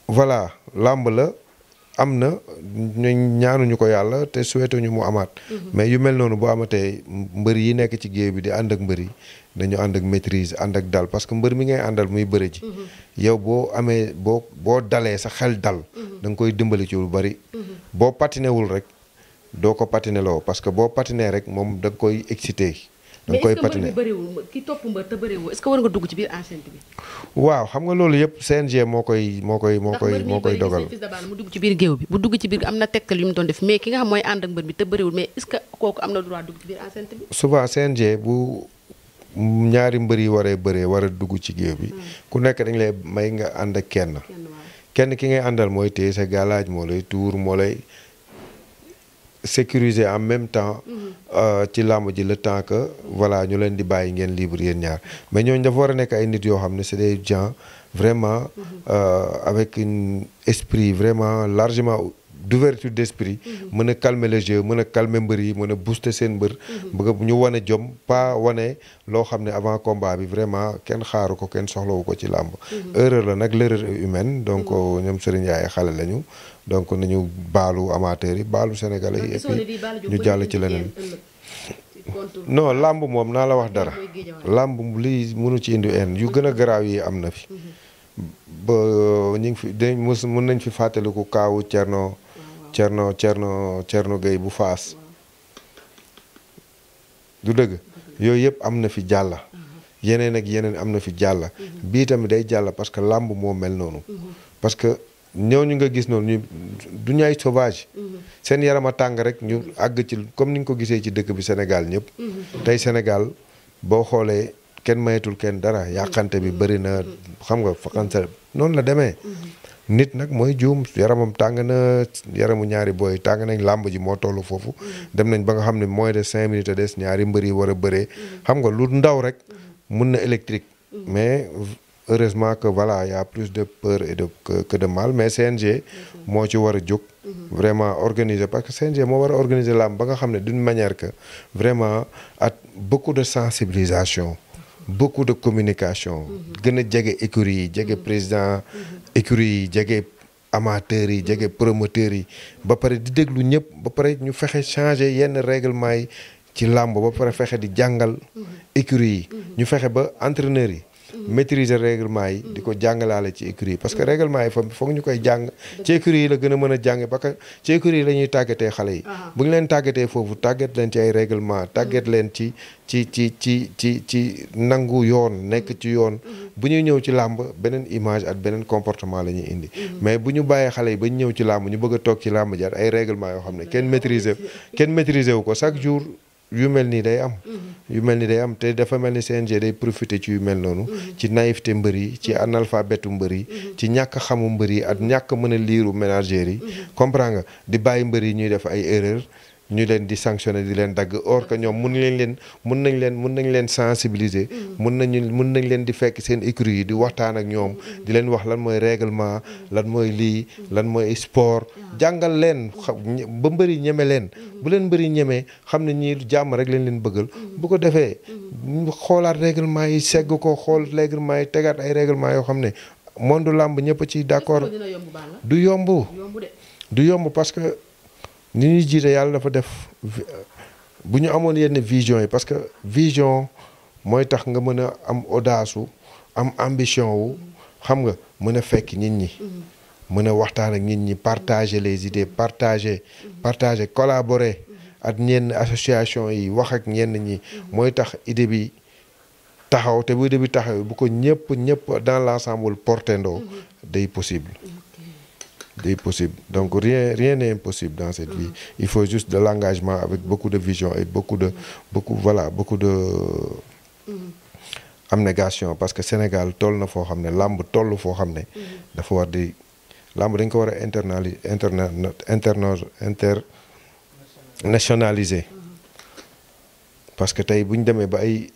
Speaker 3: voilà làmb la. am na ñaanuñu ko yàlla te souhaité ñu mu amaat. Mhm. mais yu mel noonu boo amatee mbër yi nekk ci géew bi di ànd ak mbër yi dañu ànd ak maîtrise ànd ak dal parce que mbër mi ngay àndal muy bëre ji. Mhm. yow boo amee boo boo dalee sa xel dal. Mhm. da nga koy dimbali ci lu bari. boo patinéwul rek doo ko patiné loo parce que boo patiné rek moom da nga koy excité. danga koy patiné
Speaker 2: ki mbër te bëriwul est que war nga dugg ci biir enceinte bi.
Speaker 3: waaw xam nga loolu yëpp CNG moo koy moo koy moo koy moo koy dogal
Speaker 2: mu dugg ci biir géew bi bu dugg ci biir am na tegtal yu mu doon def mais ki nga xam mooy ànd ak mbër bi te bëriwul mais est que kooku am na droit dugg ci biir enceinte bi.
Speaker 3: souvent CNG bu ñaari mbër yi waree bëree war a dugg ci géew bi hmm. ku nekk dañ lay may nga ànd ak kenn kenn ki ngay àndal mooy téye sa galaaj moo lay sécuriser en même temps. Mhm. Euh, ci làmb ji le temps que voilà ñu leen di bàyyi ngeen libre yéen ñaar mais ñooñu dafa war a nekk ay nit yoo xam ne c'est des gens vraiment. Mhm. Euh, avec un esprit vraiment largement. d'ouverture d'esprit mën a calmer le jeu mën a calmer mbër yi mën a booster seen mbër bu ñu wane jom pas wane loo xam ne avant combat bi vraiment kenn xaaru ko kenn soxlawu ko ci làmb erreur la nag l'erreur est humaine donc mhm. euh, ñoom Serigne Ndiaye xale lañu donc nañu baalu amateurs yi baalu sénégal yi et ñu jàll ci leneen non làmb moom naa la wax dara làmb li mënu ci indi en yu gën a garaaw yi am na fi mhm. ba ñu ngi fi mën nañ fi fàttaliku kaawu Cerno Cerno Cerno Cerno Gueye bu Faas du dëgg yooyu yëpp am na fi jàlla yeneen ak yeneen am na fi jàlla bii tamit day jàlla parce que làmb moo mel noonu parce que ñëw ñu nga gis noonu ñu du sauvage seen yaram a tàng rek ñu àgg ci comme ni nga ko gisee ci dëkk bi senegal ñëpp tey Sénégal boo xoolee kenn mayatul kenn dara yàqante bi bëri na xam nga faxansal noonu la demee nit nag mooy juum yaramam tàng na yaramu ñaari booy tàng nañ làmb ji moo toll foofu dem nañ ba nga xam ne moins de cinq minutes des ñaari mbër yi war a bëree xam nga lu ndaw rek mun na électrique mais heureusement que voilà y plus de peur et de que, de mal mais CNG moo ci war a jóg vraiment organiser parce que CNG moo war a organiser làmb ba nga xam ne d'une manière que vraiment ak beaucoup de sensibilisation beaucoup de communication. gën jege écurie yi jege mm-hmm. président mm-hmm. écurie yi jege amateurs yi jege mm-hmm. promoteurs yi ba pare di déglu ñëpp ba pare ñu fexe changer yenn règlement yi ci làmb ba pare fexe di jàngal écurie yi ñu fexe ba entraîneurs yi. maîtriser règlement yi di ko jàngalaale ci écurie yi parce que réglement yi fa foog ñu koy jàng ci écurie yi la gën a mën a jàng ba que ci écurie yi la ñuy tàggatee xale yi bu ñu leen tàggatee foofu tàggat leen ci ay règlement tàggat mm. leen ci ci ci ci ci ci nangu yoon nekk ci yoon mm. Mm. bu ñuy ñëw ci làmb beneen image ak beneen comportement la ñuy indi mais bu ñu bàyyee xale yi ba ñu ñëw ci làmb ñu bëgg a toog ci làmb ji ay règlement yoo xam ne kenn maîtriser kenn maîtriser wu ko chaque jour yu mel nii day am. Mhm. yu mel ni day am te dafa mel ni CNG day profité ci yu mel noonu. Mhm. ci naïveté mbër yi ci mhm. analphabètu mbër yi. ci ñàkk xamu mbër yi ak ñàkk mën liiru ménagères yi. comprends nga di bàyyi mbër yi ñuy def ay erreur ñu leen di sanctionné di leen dagg or que ñoom mun leen leen mun nañ leen mun nañ leen sensibiliser mm. mun nañu mun nañ leen di fekk seen écrit yi di waxtaan ak ñoom mm. di leen wax lan mooy réglement mm. lan mooy lii lan mooy sport jàngal leen ba mbëri ñeme leen bu leen mbëri ñemee xam ne ñii jàmm rek leen leen bëggal bu ko defee xoolaat règlement yi segg ko xool règlement yi tegaat ay règlement yoo xam ne du làmb ñëpp ci d'accord du yomb du yomb parce ni ñuy jiite yàlla dafa def bu ñu amoon yenn vision yi parce que vision mooy tax nga mën a am audace wu am ambition wu xam nga mën a fekk nit ñi. Mm-hmm. mën a waxtaan ak nit ñi partager les idées partager mm-hmm. partager collaborer mm-hmm. ak ñenn association yi wax ak ñenn ñi mooy tax idée bi taxaw te bu idée bi taxaw bu ko ñëpp ñëpp dans l'ensemble portendoo day possible. est possible. Donc rien rien n'est impossible dans cette vie. Mm. Il faut juste de l'engagement avec beaucoup de vision et beaucoup de voilà beaucoup de mm. abnégation parce que Sénégal toll na foo xam ne làmb toll foo xam ne. Mm. dafa war di làmb dañ ko war a internali interna interna internationaliser. parce que tey bu ñu demee ba ay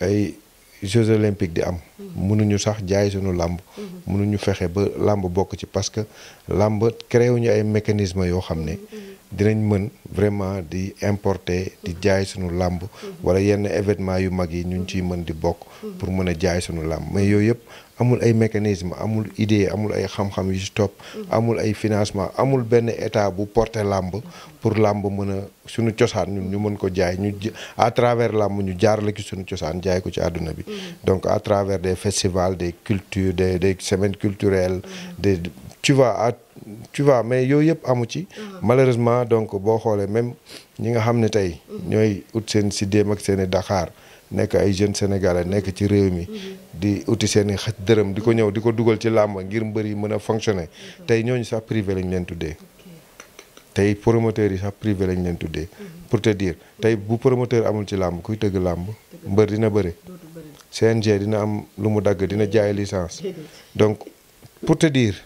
Speaker 3: ay. Jeux olympiques di am. mënuñu sax jaay suñu làmb. Mhm. mënuñu fexe ba làmb bokk ci parce que làmb créé ñu ay mécanismes yoo xam ne. Mhm. dinañ mën vraiment di importer di mhm. jaay suñu làmb. wala yenn événement yu mag yi ñu ciy mën di bokk. pour mën a jaay suñu làmb mais yooyu yëpp amul ay mécanisme amul idée amul ay xam-xam yu ci mm-hmm. amul ay financement amul benn état bu porter làmb pour làmb mën a suñu cosaan ñun ñu mën ko jaay ñu à travers làmb ñu jaarale ki suñu cosaan jaay ko ci àdduna bi mm-hmm. donc à travers des festivals des cultures de des semaines culturelles mm-hmm. des tu vois à mais yooyu yëpp amu ci malheureusement donc boo xoolee même ñi nga xam ne tey ñooy ut seen si déem ak seeni i Dakar nekk ay jeunes sénégalais nekk ci réew mi di uti seen i xaj dërëm di ko ñëw di ko dugal ci làmb ngir mbër yi mën a fonctionner tey ñooñu sax privé lañ leen tuddee tey promoteurs yi sax privé lañ leen tuddee pour te tey bu promoteur amul ci làmb kuy tëgg làmb mbër dina bëri CNG dina am lu mu dagg dina jaay licence donc pour te dire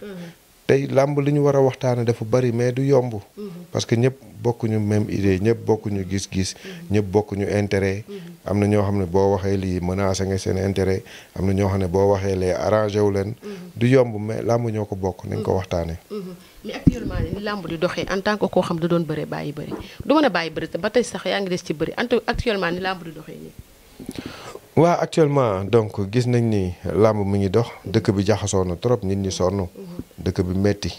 Speaker 3: tey làmb li ñu war a waxtaane dafa bari mais du yomb parce que ñëpp bokkuñu même idée ñëpp bokkuñu gis-gis ñëpp bokkuñu intérêt am na ñoo xam ne boo waxee lii mën a nga seen intérêt am na ñoo xam ne boo waxee lee arrangé wu leen. Mm-hmm. du yomb mais làmb ñoo ko bokk nañ ko mm-hmm. waxtaanee.
Speaker 2: Mm-hmm. mais ni làmb di doxee en tant que koo xam da doon bëre bàyyi bëri du mën a bëri ba tey sax yaa ngi des ci bëri actuellement ni làmb di
Speaker 3: actuellement donc gis nañ ni làmb mi ngi dox dëkk bi jaxasoo na trop nit ñi sonn. dëkk bi metti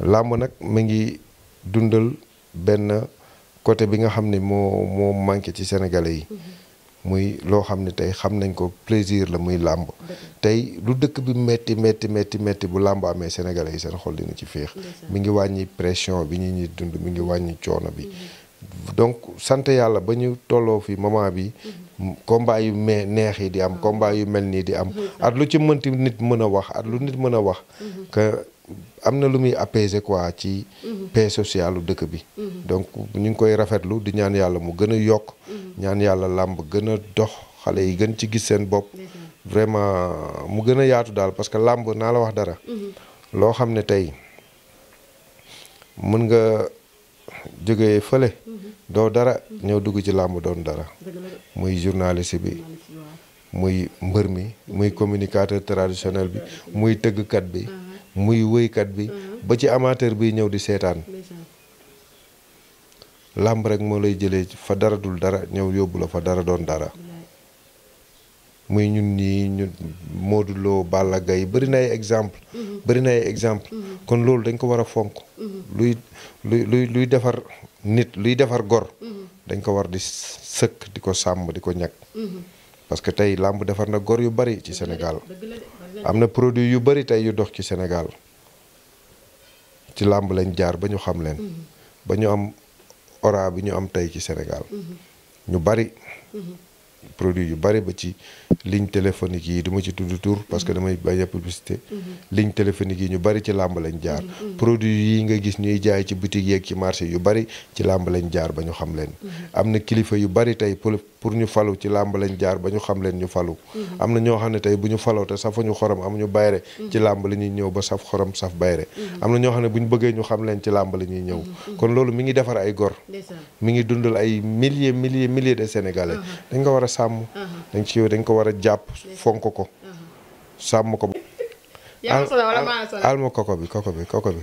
Speaker 3: làmb nag mi ngi dundal benn côté bi nga xam ni moo moo manqué ci sénégalais yi. muy loo xam ne tey xam nañ ko plaisir la muy làmb tey lu dëkk bi métti métti métti métti bu làmb amee sénégalais yi seen xol dina ci féex mi ngi wàññi pression bi ñu ñuy dund mi ngi wàññi coono bi mm-hmm. donc sant yàlla ba ñu tolloo fi moment bi mm-hmm. combat yu me neex yi di am mm-hmm. combat yu mel nii di am at lu ci mënti nit mën a wax at lu nit mën a wax am na lu muy apaiser quoi ci mhm. paix sociale dëkk bi mhm. donc ñu ngi koy rafetlu di ñaan yàlla mu gën a yokk mhm. ñaan yàlla làmb gën a dox xale yi gën ci gis seen bopp vraiment mu gën a yaatu daal parce que làmb naa la wax dara loo xam ne tey mën nga jóge fële doo dara ñëw dugg ci làmb doon dara muy journaliste bi muy mbër mi muy communicateur traditionnel bi muy tëggkat bi ah. muy wëykat bi mhm. ba ci amateur bi ñëw di seetaan làmb rek moo lay jëlee fa dara dul dara ñëw yóbbu la fa dara doon dara muy ñun ñii ñu Modou Lo Balla Gaye bëri na ay exemple mhm. bëri na ay exemple mhm. kon loolu dañ ko war a fonk luy luy luy defar nit luy defar gor dañ ko war di sëkk di ko sàmb di ko ñag parce que tey làmb defar na gor yu bari ci senegal am na produit yu bëri tey yu dox ci senegal ci làmb lañ jaar ba ñu xam leen. Mm-hmm. ba ñu am ora bi ñu am tey ci Sénégal. Mm-hmm. ñu bëri. Mm-hmm. produit yu bari ba ci ligne téléphonique yi duma ci tudd tur parce que damay bañ a publicité. ligne téléphonique yi ñu bëri ci làmb lañ jaar. produits yi nga gis ñuy jaay ci boutique yeeg ci marché yu bëri ci làmb lañ jaar ba ñu xam leen. am na kilifa yu bëri tey pour ñu falu ci làmb lañ jaar ba ñu xam leen ñu falu mhm. am na ñoo xam ne tey bu ñu faloo te safuñu xorom amuñu bayre mhm. ci làmb la ñuy ñëw ba saf xorom saf bayre mhm. am na ñoo xam ne bu ñu bëggee ñu xam leen ci làmb la ñuy ñëw kon loolu mi ngi defar ay gor mi ngi dundal ay milliers milliers milliers de sénégalais dañ ko war a sàmm dañ ci dañ ko war a jàpp fonk ko sàmm ko alma koko bi koko bi koko bi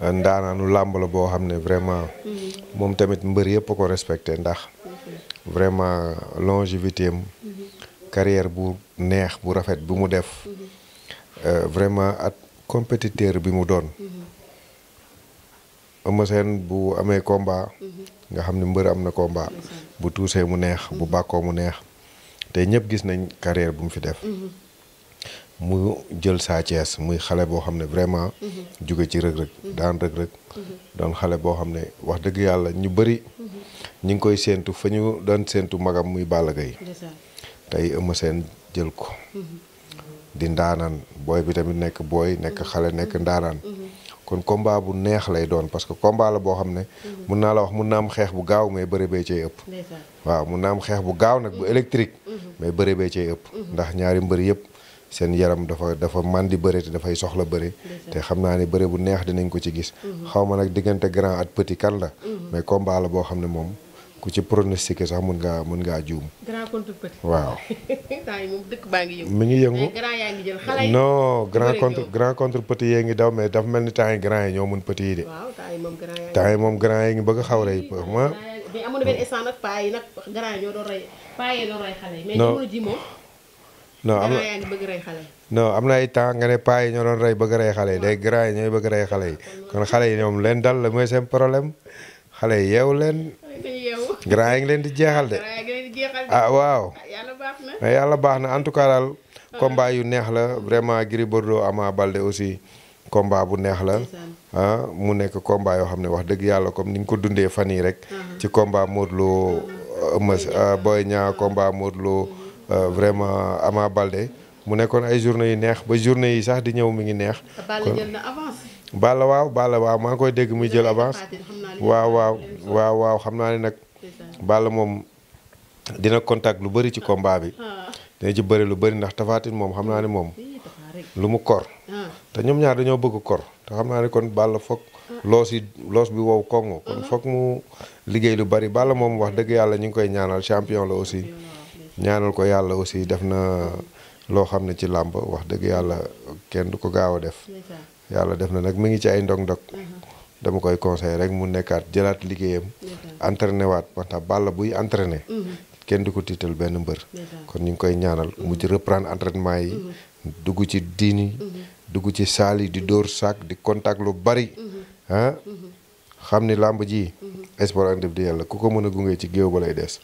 Speaker 3: ndaanaanu làmb la boo xam ne vraiment mhm. moom tamit mbër yëpp ko respecté ndax mhm. vraiment longévité am mhm. bu neex bu rafet bu mu def euh, vraiment at compétiteur bi mu doon Eumeu Sène bu amee combat nga xam ne mbër am na komba bu tuusee mu neex bu bàkkoo mu neex te ñëpp gis nañ carrière bu mu fi def mu jël Sa Thiès muy xale boo xam ne vraiment. jóge ci Reug Reug daan Reug Reug doon xale boo xam ne wax dëgg yàlla ñu bëri. ñu ngi koy séentu fa ñu doon séentu magam muy Balla gay tey Eumeu Sène jël ko. di ndaanaan booy bi tamit nekk booy nekk xale nekk ndaanaan. kon combat bu neex lay doon parce que combat la boo xam ne. mun naa la wax mun naa am xeex bu gaaw mais bëre bee cay ëpp. waaw mun naa am xeex bu gaaw nag bu électrique. Mhm. mais bëre bee cay ëpp. ndax ñaari mbër yëpp. seen yaram dafa dafa màndi bëre te dafay soxla bëre te xam naa ni bëre bu neex dinañ ko ci gis mhm. xaw ma nag diggante grand at petit kan la mhm. mais combat la boo xam ne moom ku ci pronostiqué sax mun ngaa mën ngaa juum.
Speaker 2: grand waaw. ngi yëngu. mi ngi yëngu grand yaa ngi contre
Speaker 3: grand contre petit yee ngi daw mais dafa mel ni temps yi grand yi ñoo mën petit yi de.
Speaker 2: temps yi moom grand ngi. yi moom
Speaker 3: grand yi ngi bëgg a xaw
Speaker 2: a yi nag
Speaker 3: non am na bëgg am na ay temps nga ne paa yi ñoo doon rey bëgg rey xale yi day grand yi ñooy bëgg rey xale yi kon xale yi ñoom leen dal la mooy seen problème xale yi yeewu leen. grand yi ngi leen di jeexal de. ah waaw. Ah, yàlla baax na en tout cas dal combat yu neex la vraiment Gris Bordeaux Ama Balde aussi combat bu neex la. ah mu nekk combat yoo xam ne wax dëgg yàlla comme ni nga ko dundee fan yi rek. Ah. ci combat Modou Lo ah. Eumeu Boy Niang combat Modou Lo Euh, vraiment Ama Baldé mu nekkoon ay journée yu neex ba journée yi sax di ñëw mi ngi neex. Balla waaw Balla waaw maa ngi koy dégg muy jël avance waaw waaw waaw waaw xam naa ne nag Balla moom dina contact lu bari ci combat bi ah. dina ci bari lu bari ndax Tapha Tine moom xam naa ne moom lu mu kor ah. te ñoom ñaar dañoo bëgg kor te xam naa ne kon Balla foog ah. loos yi loos bi wow kongo kon uh-huh. foog mu liggéey lu bari Balla moom wax dëgg yàlla ñu ngi koy ñaanal champion la aussi ñaanal ko yàlla aussi def na loo xam ne ci làmb wax dëgg yàlla kenn du ko gaaw a def yàlla def na nag mu ngi ci ay ndog-ndog mhm. dama koy conseillé rek mu nekkaat jëlaat liggéeyam entraîné waat wanta buy entraîné mhm. kenn du ko tiital benn mbër kon ñu ngi koy ñaanal mu ci mhm. reprendre entraînement yi dugg ci diini dugg ci saali yi di dóor saak di contact lu bari ah xam ni làmb ji sport individuel la ku ko mën a gunge ci géew ba lay des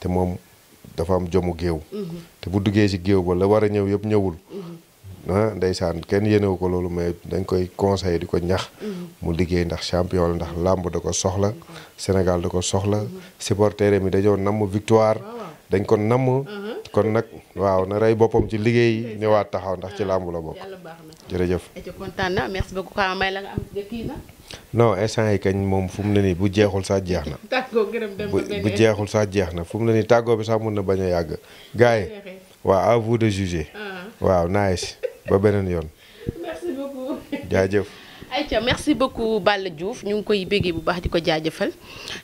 Speaker 3: te moom dafa am jommu géew mhm. te bu duggee ci géew ba la war a ñëw yëpp ñëwul mhm. ah ndeysaan kenn yéenewu ko loolu may dañ koy conseil di ko ñax mhm. mu liggéey ndax champion la ndax làmb da ko soxla Sénégal da ko soxla supporter mi dañoo namm victoire ah, dañ ko namm kon nag waaw na rey boppam ci liggéey ñëwaat taxaw ndax ci ah, làmb la bokk non instant yi kañ moom fu mu ne nii bu jeexul sax jeex na. bu jeexul sax jeex na fu mu ne nii tàggoo bi sax mun na bañ a yàgg. gars waaw à vous de juger. Ah. waaw nice ba beneen yoon.
Speaker 2: merci beaucoup. jaajëf. Aïcha merci beaucoup Balla Diouf ñu ngi koy béggee bu baax di ko jaajëfal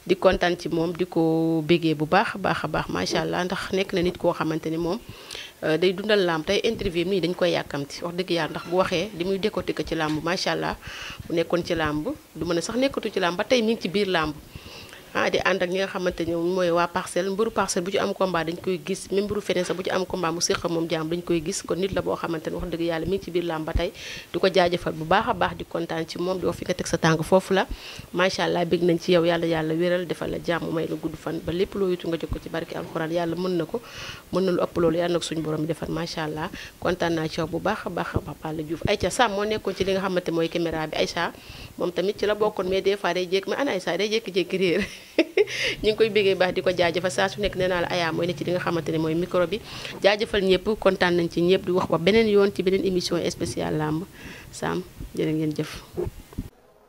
Speaker 2: di kontaan ci moom di ko béggee bu baax a baax a baax macha allah ndax nekk na nit koo xamante ni moom. Euh, day dundal làmb tey interview mi dañ koy yàkkamti wax dëgg yàlla ndax bu waxee di muy décortiquer ci làmb macha allah bu nekkoon ci làmb du mën a sax nekkatu ci làmb ba tey mi ngi ci biir làmb ah di ànd ak ñi nga xamante ne mooy waa parcelle mburu parcelle bu ci am combat dañ koy gis même mburu feneen sax bu ci am combat mu séqa moom jaam dañ koy gis kon nit la boo xamante ne wax dëgg yàlla mi ngi ci ba tey di ko jaajëfal bu baax a baax di kontaan ci moom di wax fi nga sa tànk foofu la macha allah bég nañ ci yow yàlla yàlla wéral defal la jàmm may la gudd fan ba lépp loo yutu nga jot ko ci barki alxuraan yàlla mën na ko mën na lu ëpp loolu yàlla nag suñu borom bi defal macha allah kontaan naa ci yow bu baax a baax Papa Diouf Aïcha Sam moo nekkoon ci li nga xamante mooy caméra bi Aïcha moom tamit ci la bokkoon mais des fois day jékki ma ana ay saa day jékki-jékki réer ñu ngi koy bégee baax di ko jaajëfal saa su nekk nee naa la ayaa mooy ne ci li nga xamante ne mooy micro bi jaajëfal kontaan nañ ci ñëpp di wax ba beneen yoon ci beneen émission spéciale làmb Sam jërë ngeen jëf